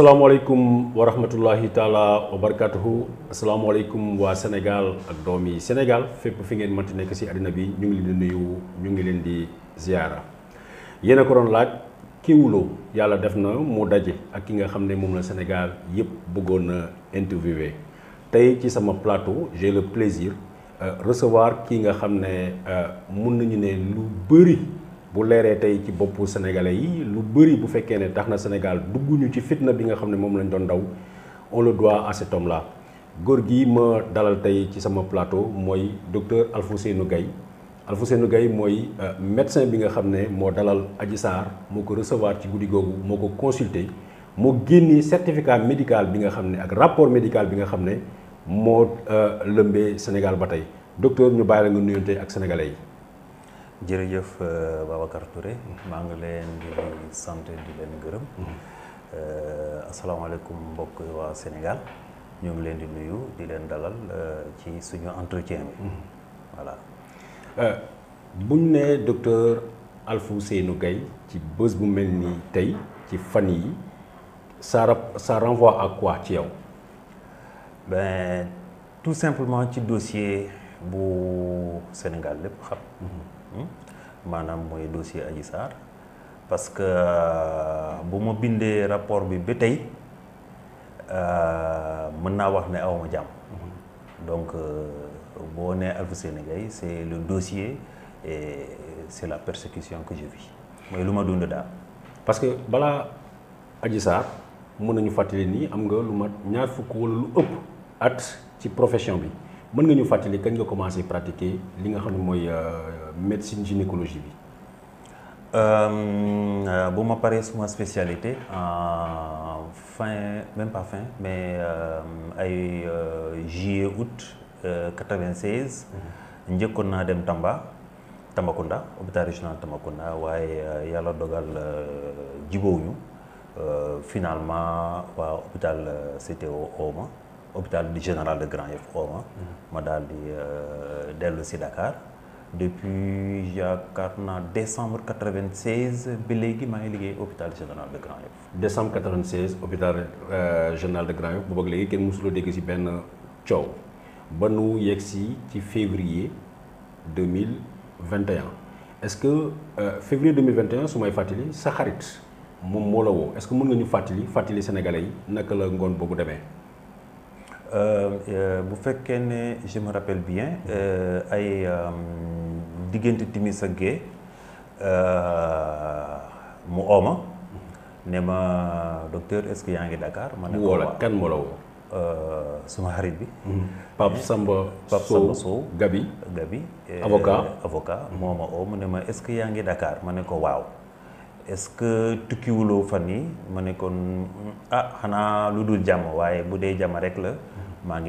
asalaamaaleykum wa rahmatullahi taala wa barakaatuhu asalaamaaleykum waa Sénégal ak doom yi Sénégal fépp fi ngeen mënti nekk si àddina bi ñu ngi leen di nuyu ñu ngi leen di ziyaara yéen ko doon laaj kii yàlla def na mu daje ak ki nga xam ne moom la Sénégal yëpp bëggoon na interviewé tey ci sama plateau j'ai le plaisir euh, recevoir kii nga xam ne euh, mun nañu ne lu bëri. bu leeree tey ci boppu sénégalais yi lu bëri bu fekkee ne tax na Sénégal dugguñu ci fitna bi nga xam ne moom lañ doon daw on le doit à cet homme góor gi ma dalal tey ci sama plateau mooy docteur Alfousseynou Gaye Alfousseynou gay mooy euh, médecin bi nga xam ne moo dalal Adji Sarr moo ko recevoir ci guddi googu moo ko consulter moo génnee certificat médical bi nga xam ne ak rapport médical bi nga xam ne moo euh, lëmbee Sénégal ba tey docteur ñu bàyyi la nga nuyonte ak sénégalais yi. jërëjëf euh, Babacar Touré maa ngi leen di sant di leen gërëm euh, asalaamaaleykum mbokk waa Sénégal ñu ngi leen di nuyu di leen dalal euh, ci suñu entretien bi mm-hmm. voilà buñ ne docteur Alfousseynou gay ci bés bu mel ni tey ci fan yi ça ça renvoie à quoi ci yow ben tout simplement ci dossier bu Sénégal lépp xam mm-hmm. maanaam hmm? mooy dossier aji sar parce que bu eh, ma bindee rapport bi ba tey mën naa wax ne awma jàmm donc boo nee Alfousseyni Gaye c' le dossier et c' la persécution que je vis mooy lu ma dund daal parce que balaa Adji Sarr mën nañu fàttali am nga lu ñaar wala lu at ci profession bi mën nga ñu fàttali kañ nga commencé pratiquer li nga xam ne mooy euh, médecine gynécologie bi. me euh, euh, ma paree spécialité en euh, fin même pas fin mais ay juillet août 96. Mhm. njëkkoon naa dem Tamba tambakunda hôpital régional Tambacounda waaye yalla dogal euh, finalement wa, hôpital au Oma, hôpital du général de Grand Yoff Ouma mhm. ma daal di dellu si Dakar depuis yaakaar décembre 96 ba léegi hôpital général de Grand décembre 96 hôpital euh, général de Grand Yoff boobu ak léegi kenn mësuloo dégg ci ben coow ba nu yegg ci février 2021 est-ce que euh, février 2021 su may fàttali sa xarit mom moo la est-ce que mën nga ñu fàttali fàttali sénégalais yi naka la démé euh, euh, bu fekkee ne je me rappelle bien euh, ay. Diganti timi ak gee eh, mu ooma ne docteur est ce que Dakar. ma ne ko wala kan moo la woo. Eh, suma xarit bi. Hmm. Pape Samba. Pape Samba Gabi. Gabi avocat avocat moo ma oo est ce que Dakar ma ne ko waaw. est ce que tukkiwuloo fan yi ma ne ah xanaa lu dul jàmm waaye bu rek la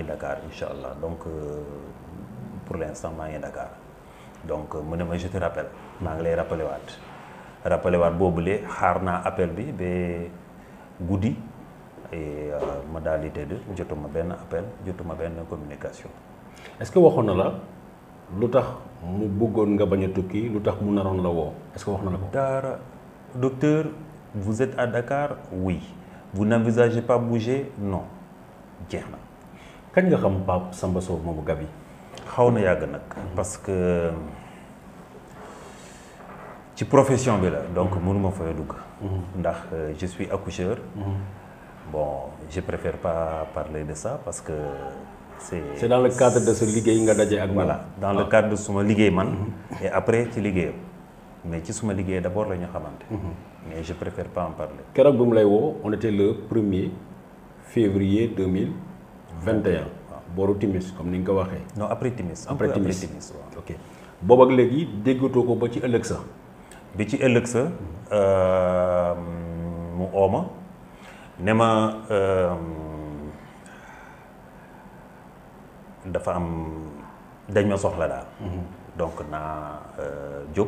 Dakar incha allah donc euh, pour l' instant Dakar. donc euh, je te rappelle maa rappelle lay rappelé rappelé waat le xaar appel bi et je daal di communication. est-ce que waxoon mu bëggoon nga tukki est-ce que docteur vous êtes à Dakar oui vous n'envisagez pas bouger non jeex na. nga xam Samba xaw yag nak parce que ci profession bi la donc mënuma fay dugg mhm. ndax euh, je suis accoucheur mhm. bon je préfère pas parler de ça parce que c'est c'est dans le cadre de ce liguey nga daje ak voilà dans le ah. cadre de suma liguey man mhm. et après ci liguey mais ci suma liguey d'abord la ñu mais je préfère pas en parler Quand bu wo on était le 1er.. février 2021 booru timis comme ni nga ko waxee. non après timis après timis waaw ok boobu ak léegi déggatoo ko ba ci ëllëg sa. bi ci ëllëg sa euh, mu ooma ne ma euh, dafa am dañ ma soxla daal. Mhm. donc naa euh, jóg.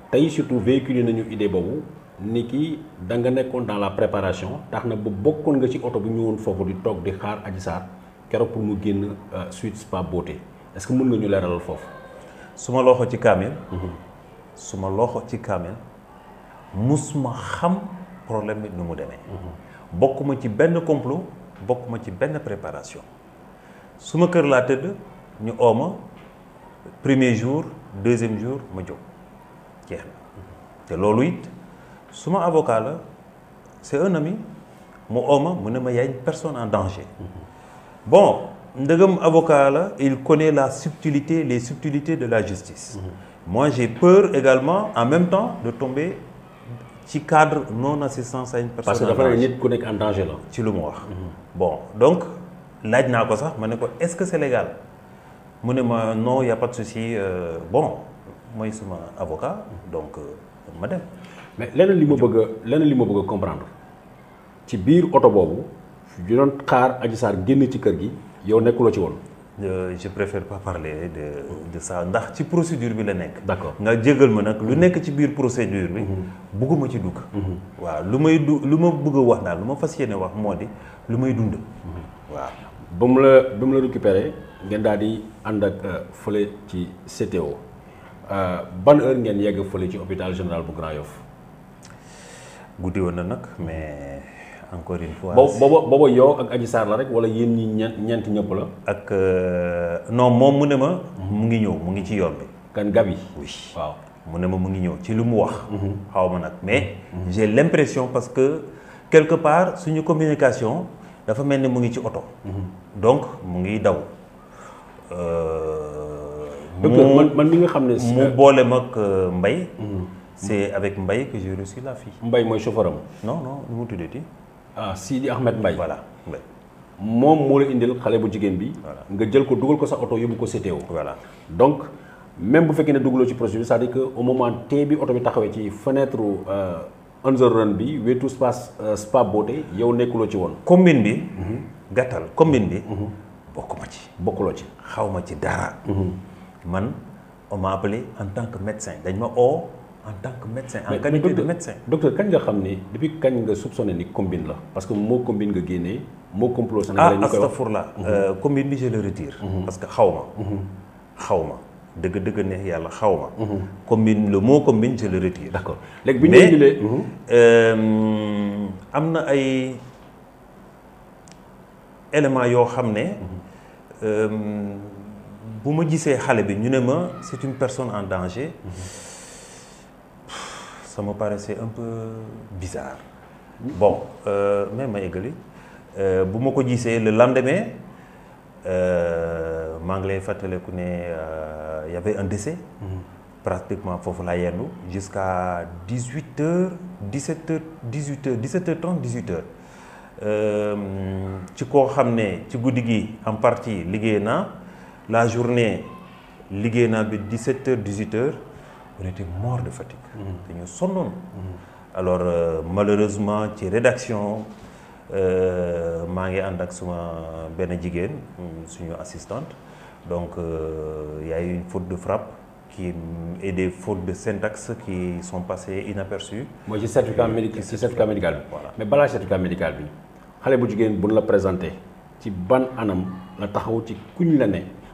tay surtout véhiculé nañu idée bobu niki da nga nekkoon dans la préparation tax bu bokkon nga ci auto bu ñëwoon fofu di tok di xaar aji Sarr kéro pour mu guen euh, suite Spa Beauté est-ce que mën nga ñu leeralal foofu. su ma loxo ci kaamil. Mhm. su ma loxo ci kaamil mus xam problème bi nu mu demee. Mhm. bokk ma ci benn complot bokk ci benn préparation suma kër la tëdd ñu ooma premier jour deuxième jour ma jóg. C'est na loolu avocat c'est un ami mu homme mu ne une personne en danger bon ndëgam avocat il connaît la subtilité les subtilités de la justice moi j'ai peur également en même temps de tomber ci cadre non assistance à une personne. parce que dafa ne nit ku nekk en danger là. ci lu mhm. bon donc laaj naa ko est-ce que c'est légal Non, ne ma non y a pas de souci euh, bon suis un avocat donc euh, Madame..! mais Ce que je veux comprendre ci biir euh, je préfère pas parler de de ça ndax ci procédure la d'accord nga jégal ma lu nekk ci procédure bi. Mhm. bugguma ci dugg. Mhm. waaw lu may bëgg wax daal lu ma wax moo di dund. Mhm. waaw CTO. Ah, ban heure ngeen yegg fële ci hôpital général bu Grand Yoff. guddi woon na nag mais encore une fois. booba booba yow ak Adji Sarr la rek wala yéen ñi ñeent ñeent la. ak euh, non moom mu ne ma. mu ngi ñëw mu ngi ci yoon bi. kan Gabi. oui waaw mu ne ma mu ngi ñëw ci lu mu wax. Mhm. xaw ma mais. Mhm. j'ai l'impression parce que quelque part suñu communication dafa mel ni mu ngi ci oto. Mhm. donc mu ngi daw. Euh, man man mi nga xam ne. mu euh, boole mag euh, Mbaye. Mm-hmm. c'est avec Mbaye que j'ai reçu la fille. Mbaye mooy chauffeur am. non non nu mu ti. ah Sidi Ahmed Mbaye. voilà Mbaye. moom moo la indil xale bu jigéen bi. nga jël ko dugal ko sa oto yóbbu ko CTO. voilà donc même bu fekkee ne dugaloo ci projet bi c'est-à-dire que au moment T bi oto bi taxawee ci fenêtre. Anzor euh, Run bi wetu spa spa beauté yow nekkuloo ci woon. combine bi. Mm-hmm. gàttal combine bi. Mm-hmm. bokkuma ci bokkuloo ci xaw ma ci dara man on m'a appelé en tant que médecin donc ma oh, en tant que médecin en qualité de médecin docteur quand nga xam depuis quand nga soupçonné ni combine la parce que mot combine nga génnee moo complot Sénégal ah là mhm. euh, combine je le retire mhm. parce que xaw ma xaw Deug deug dëgg yalla xawma xaw ma mhm. combine le mot combine je le retire d'accord Mais, bi ñu euh amna ay éléments yo xamné euh si je c'est une personne en danger, ça me paraissait un peu bizarre. Bon, euh, mais je euh, Si je dis le lendemain, euh, il euh, y avait un décès, mm-hmm. pratiquement jusqu'à 18h, 17h, 18h, 17h30, 18h. Euh, tu sais, tu sais, en partie, ligué, la journée liggéey naa 17 h 18 h on était mort de fatigue. Mm-hmm. dañoo nom. Mm-hmm. alors euh, malheureusement ci rédaction euh, maa ngi en ak suma benn jigéen suñu assistante donc il euh, y a eu une faute de frappe qui et des fautes de syntaxe qui sont passées inaperçues. Moi j'ai certificat médical c'est certificat médical voilà mais certificat médical Allez vous bu jigéen bu la présenter. ci ban anam la taxaw ci kuñ la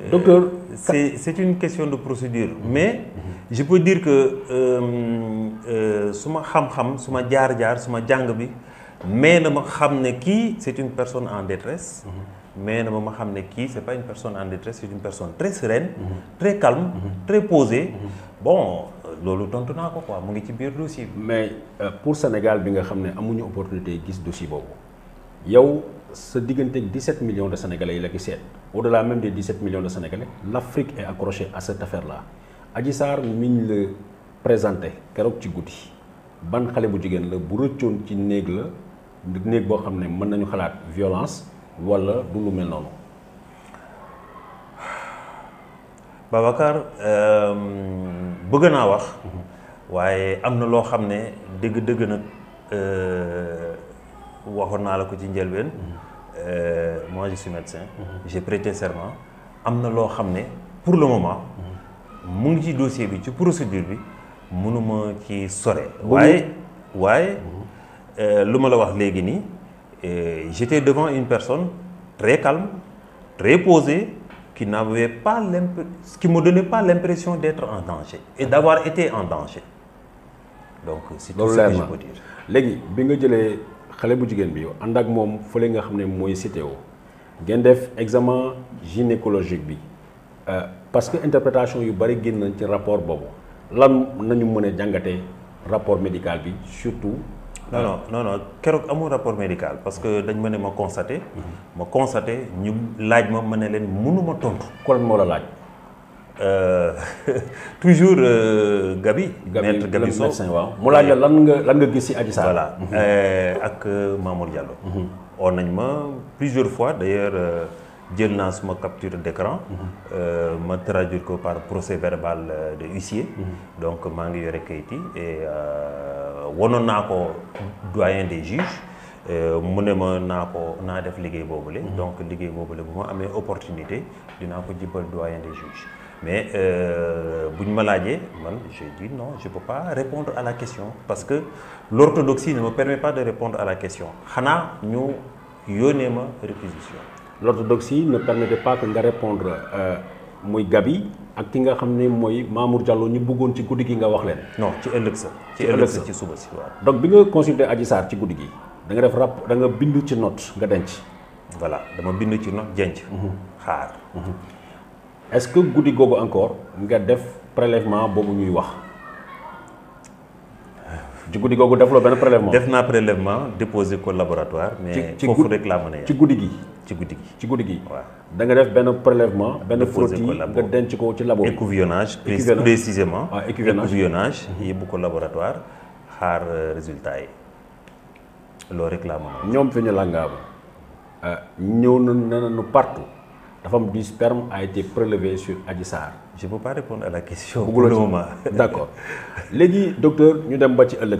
Euh, Docteur C'est une question de procédure. Mhm. Mais je peux dire que euh, euh, Suma Ham Ham, Suma jar jar, Suma Djangabi, mais ne me qui c'est une personne en détresse. Mhm. Mais ne pas qui c'est pas une personne en détresse, c'est une personne très sereine, mhm. très calme, très posée. Bon, loolu tontu naa ko quoi mu ci biir dossier mais pour Sénégal bi nga a ne amuñu opportunité gis dossier boobu yow sa diggante 17 millions de sénégalais yi la au-delà même des 17 millions de sénégalais l'Afrique est accrochée à cette affaire-là Adji Sarr miñ présenté Kérok ci ban xale bu le la bu rëccoon ci néeg le violence wala du lu mel noonu. Babacar euh, bëgg naa wax waaye euh, la ko euh, moi je suis médecin. j'ai prêté serment Pour lo xamné ne pour le moment. mu ngi ci dossier bi ci procédure bi mënuma ci soré. waaye waaye mhm. euh, lu ma la wax léegi euh, j'étais devant une personne très calme très posée qui n'avait pas qui me donnait pas l'impression d'être en danger et mhm. d'avoir été en danger donc c'est tout ce que je peux dire léegi bi nga jëlee xalé bu jigéen bi ànd mom moom fële nga xamné moy mooy CTO def examen gynécologique bi euh, parce que interprétation yu bari gën nañ ci rapport bobu lan nañu mëne jangaté rapport médical bi surtout. non non non non kérok amul rapport médical parce que dañ mëne ma constater mhm. ma constater ñu laaj ma mëne len mënuma tontu. kon mo la laaj. Euh, toujours euh, Gabi. Gabi maître Gabi Sow waaw mu laaj la lan nga lan nga gis si Adji Sarr. voilà euh, ak euh, Mamour Diallo. Mhm. oo nañ ma plusieurs fois d'ailleurs, ailleurs jël naa suma capture d'écran, écran. Mhm. ma traduire par procès verbal de huissier. Mhm. donc maa ngi yore kayit yi et wonoon naa ko doyen des juges. mu ne ma naa ko naa def liggéey boobule. donc liggéey boobule bu ma amee opportunité dinaa ko jibal doyen des juges. Mais euh, je dis non, je ne peux pas répondre à la question parce que l'orthodoxie ne me permet pas de répondre à la question. Hana, nous, ma réquisition. L'orthodoxie ne permettait pas de répondre à euh, Gabi ak ki nga xam Mamour Diallo ñu bëggoon ci guddi gi nga non c'est un luxe, ci un luxe. ci si donc bi nga consulté Adji Sarr ci guddi gi da nga def rap da nga ci note nga denc. voilà ci note denc. Mhm est-ce que goudi gogo encore nga def prélèvement bobu ñuy wax ci guddi googu defloo ben prélèvement. def n'a prélèvement déposé ko laboratoire. mais foofu rek laa mën a ci guddi gi. ci goudi gi ci goudi gi. da nga def ben prélèvement. ben frottis nga denc ko ci labo laboratoire..? précisément. ah écouvillonnage ko laboratoire xaar euh, résultat yi loolu rek laa mën a. ñoom fi ñu làngaaba euh, ñëw na nañu partout. La femme du sperme a été prélevée sur Adissar. Je ne peux pas répondre à la question pour le moment. D'accord. Légui, docteur, nous sommes bâtis à La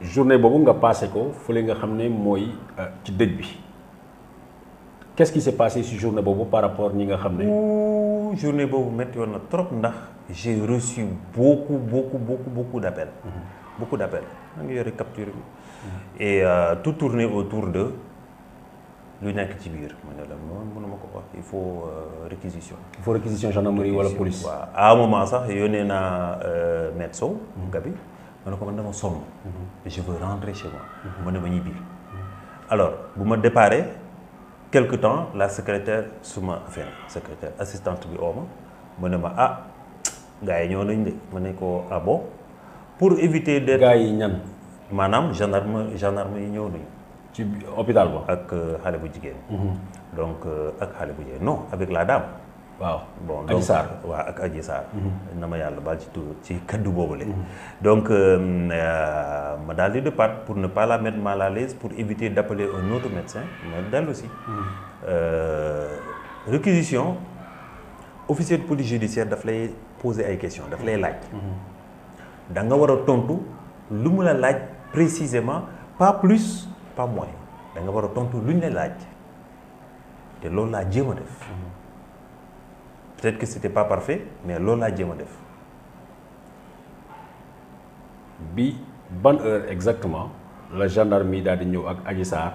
Journée bobu nga passé ko faut nga xamné moy euh, ci deej bi. Qu'est-ce qui s'est passé sur journée bobu par rapport à ñi nga xamné journée bobu metti won na trop ndax j'ai reçu beaucoup beaucoup beaucoup beaucoup d'appels. Mm-hmm. Beaucoup d'appels. Je yoré capture bi. Et euh, tout tournait autour d'eux lu nekk ci ma il faut euh, réquisition. il faut réquisition gendarmerie la police. à un moment il y naa euh, maître Sow. Mhm. Gabi ma ne somme. man mhm. je veux rentrer chez moi. Mhm. ma ne ma alors vous me déparé quelque temps la secrétaire suma affaire secrétaire assistante bi ooma ma ne ma ah gars yi ñoo nañ de ma ko ah pour éviter d'être gars yi ñan maanaam gendarme gendarme ci hôpital ba Avec euh, xale mhm. donc euh, avec xale non avec la dame. waaw bon donc Adji Sarr waaw ak Sarr. Mhm. na ma yàlla baal ci ci mhm. donc euh, madame de part pour ne pas la mettre mal à l'aise pour éviter d'appeler un autre médecin ma aussi. aussi. réquisition officier de police judiciaire daf lay poser ay questions daf lay laaj. da nga war a tontu tout, l'humour la laaj précisément pas plus pas moyen da nga war a tontu lu ñu la laaj lola loolu def mhm. peut-être que ce n'était pas parfait mais lola est jéem def. bi bonne heure exactement la gendarmerie est di avec ak Adji Sarr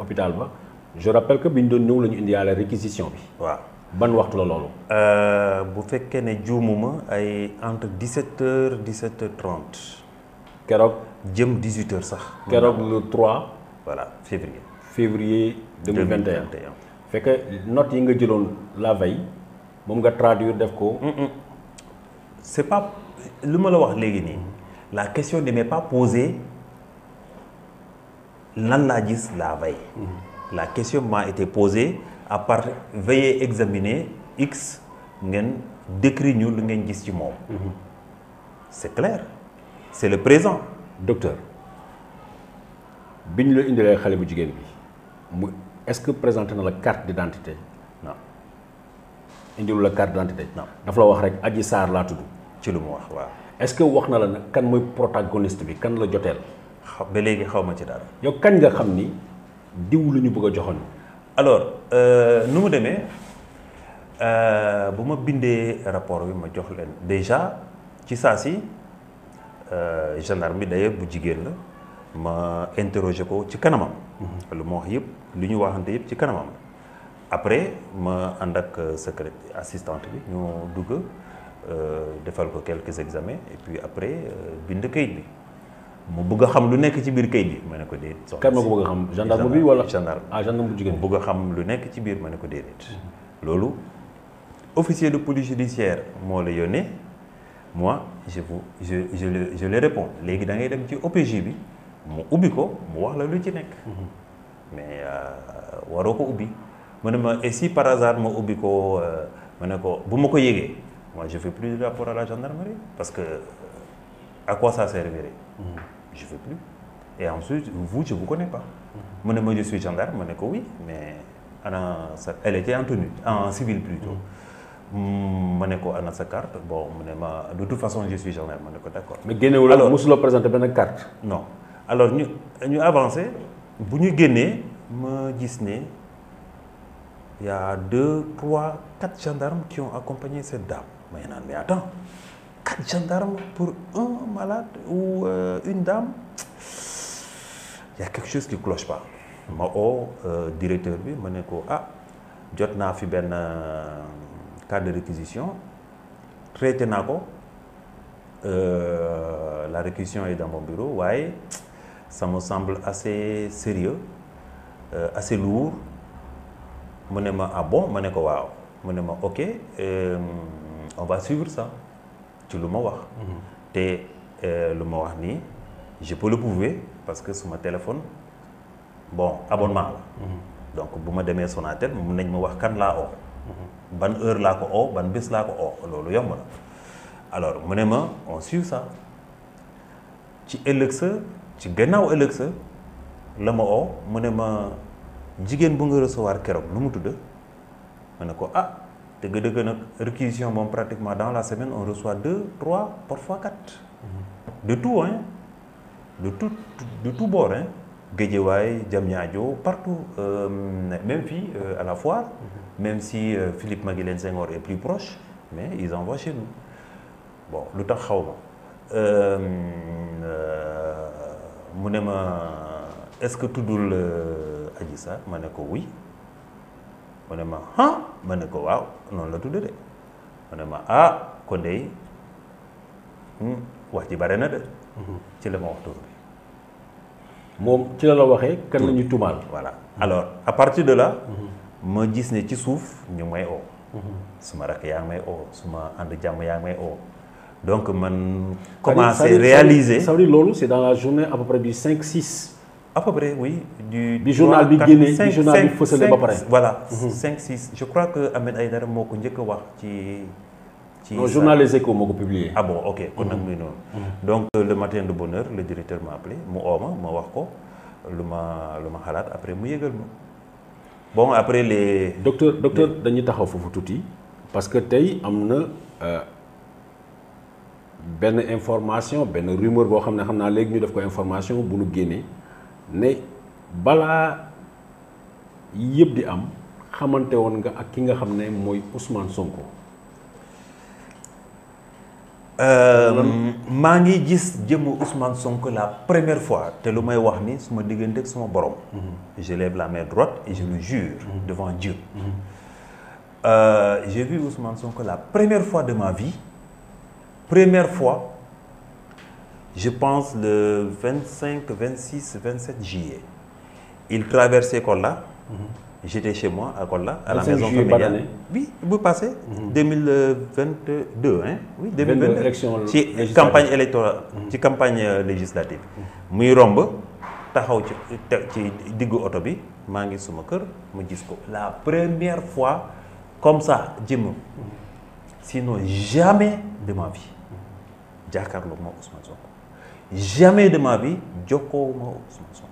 hôpital je rappelle que nous avons doon la ñu réquisition bi. waaw ban waxtu la loolu. Euh, bu fekkee ne juumuma ay entre 17 et 17 h 30. Kérok, jëm 18 h sax. kérok le 3. voilà février. février 2021 2021. que note yi nga jëlone la veille mom nga traduire def ko. Mm, mm. c'est pas luma la wax légui ni la question ne m'est pas posée nan laa gis la veille. Mm-hmm. la question m'a été posée à part veiller examiner x ngeen décrit ñu lu ngeen gis ci mom mm-hmm. c'est clair C'est le présent docteur est-ce la vous xale bu bi est-ce que présenté na la carte d'identité non la carte d'identité non wax rek ci lu est-ce que wax na la kan protagoniste bi kan la jotel. ba ci dara. yow kan nga alors euh, nous mu Nous euh, ma rapport ma déjà ci Euh, gendarme bi d'ailleurs bu jigéen la ma interroger ko ci kanamam. Mhm. lu ma wax yëpp lu ñu waxante yëpp ci kanamam. après ma ànd ak euh, secrétaire assistante bi ñu dugg euh, defal ko quelques examens et puis après bind kayit bi mu bëgg xam lu nekk ci biir kayit bi ma ne ko déedéet. soxna kan ma ko bëgg bi wala gendarme ah bu jigéen bëgg a xam lu nekk ci biir ma ne ko déedéet. Mhm. loolu officier de police judiciaire moo la yónnee. moi je vous je je le je le réponds les dangay dem ci OPJ bi mo ubbi ko wax la lu ci mais euh, ko et si par hasard mo ubbi ko euh, ma ne moi je fais plus de rapport à la gendarmerie parce que euh, à quoi ça servirait. je fais plus et ensuite vous je vous connais pas. je suis gendarme oui mais elle était en tenue en civil plutôt. Hmm, mané ne ko ana sa carte bon mu ma de toute façon je suis gendarme mané ne ko d'accord accord. mais génnewul alors mosuloo présenter ben carte. non alors ñu ñu avancer bu ñu génnee ma gis il y' a deux trois quatre gendarmes qui ont accompagné cette dame mais naan mais attends quatre gendarmes pour un malade ou euh, une dame il y' a quelque chose qui cloche pas ma oo euh, directeur bi mané ko ah jotna fi ben cas de réquisition traité naa euh, la réquisition est dans mon bureau Ouais, ça me semble assez sérieux euh, assez lourd Je me ma ah bon je me ko waaw ok euh, on va suivre ça Tu le ma wax le mhm. le ma wax je peux le prouver parce que sur mon téléphone bon abonnement mhm. donc bu son demee Sonatel mun nañ ma wax kan la oo ban heure laa ko oo ban bés laa ko oo loolu yomb alors ma on suit ça ci ëllëg sa ci gannaaw ëllëg sa la ma jigen mu ne ma jigéen bu nga recevoir ko ah tegede dëgg nag réquisition moom pratiquement dans la semaine on reçoit deux trois parfois quatre de tout hein de tout de tout bord hein Guédiawaye Diamniadio partout euh, même si euh, à la foire mhm. même si euh, Philippe Maguilène Senghor est plus proche mais ils envoient chez nous bon le temps euh, ma est-ce que tout Adji Sarr ma ko oui dis oui. Je dis oui. Je ko waaw non, la tudd de ma ne ah oui. Je hmm, wax ji de mhm. ci le ma wax mom ci la waxé kan la tumal voilà alors à partir de là. ma gis né ci souf ñu may oo. Mhm. suma rakk ya may oo suma and jam ya may oo donc man. commencé réaliser ça veut dire dans la journée à peu près du 5 6. à peu près oui du. journal du guinée du journal bi à ba près voilà 5 mhm. 6 je crois que Ahmed Aïdara moko ñëk wax ci non journal Les Échos journal ah bon ok mm-hmm. donc euh, le matin de bonheur le directeur m'a appelé je suis ma wax ma lu après mu m'a bon après les. docteur docteur taxaw parce que tey am euh, information benn rumeur Je sais ñu information bu ne Avant.. Tout am nga ak ki Ousmane Sonko. Je euh, mm. ngi gis Ousmane Sonko la première fois mm. je lève la main droite et je le jure mm. devant Dieu. Euh, j'ai vu Ousmane Sonko la première fois de ma vie première fois je pense le 25 26 27 juillet il traversait là J'étais chez moi à Kolla, à la maison familiale. Oui, vous passez, mm 2022, hein? Oui, 2022. Élection mhm. ci campagne électorale, ci campagne législative. Mhm. Muy romb taxaw ci ci diggu auto bi, maa ngi suma kër, mu gis ko. La première fois comme ça, jëm. Mhm. Sinon jamais de ma vie. Jàkkaarloo ma Ousmane Sonko. Jamais de ma vie jokkoowuma Ousmane Sonko.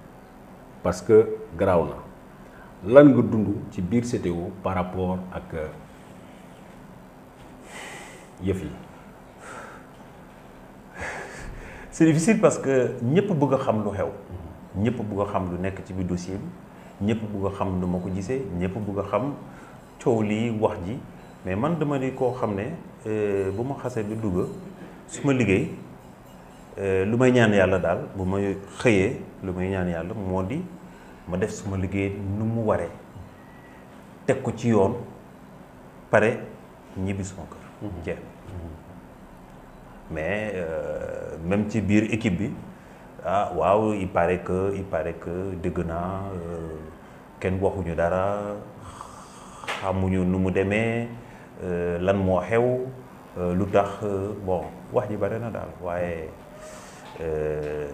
parce que garaaw na lan nga dund ci biir CTO par rapport ak euh, yëf yi. c'est difficile parce que ñëpp bëgg a xam lu xew. ñëpp bëgg a xam lu nekk ci bi dossier bi ñëpp bëgg a xam nu ma ko gisee ñëpp bëgg a xam coow lii wax ji mais man dama ni koo xam ne euh, bu ma xasee bi dugg suma ma liggéey. Euh, lu may ñaan yàlla daal bu ma xëyee lu may ñaan yàlla moo di ma def suma liggéey nu mu waree teg ko ci yoon pare ñibbi suma kër mhm. mhm. mais euh, même ci biir équipe bi ah waaw il paraît que il que dégg naa euh, kenn waxuñu dara xamuñu nu mu demee lan moo xew lu tax bon wax ji bare na daal waaye Euh,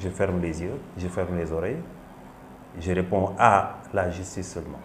je ferme les yeux je ferme les oreilles je réponds à la justice seulement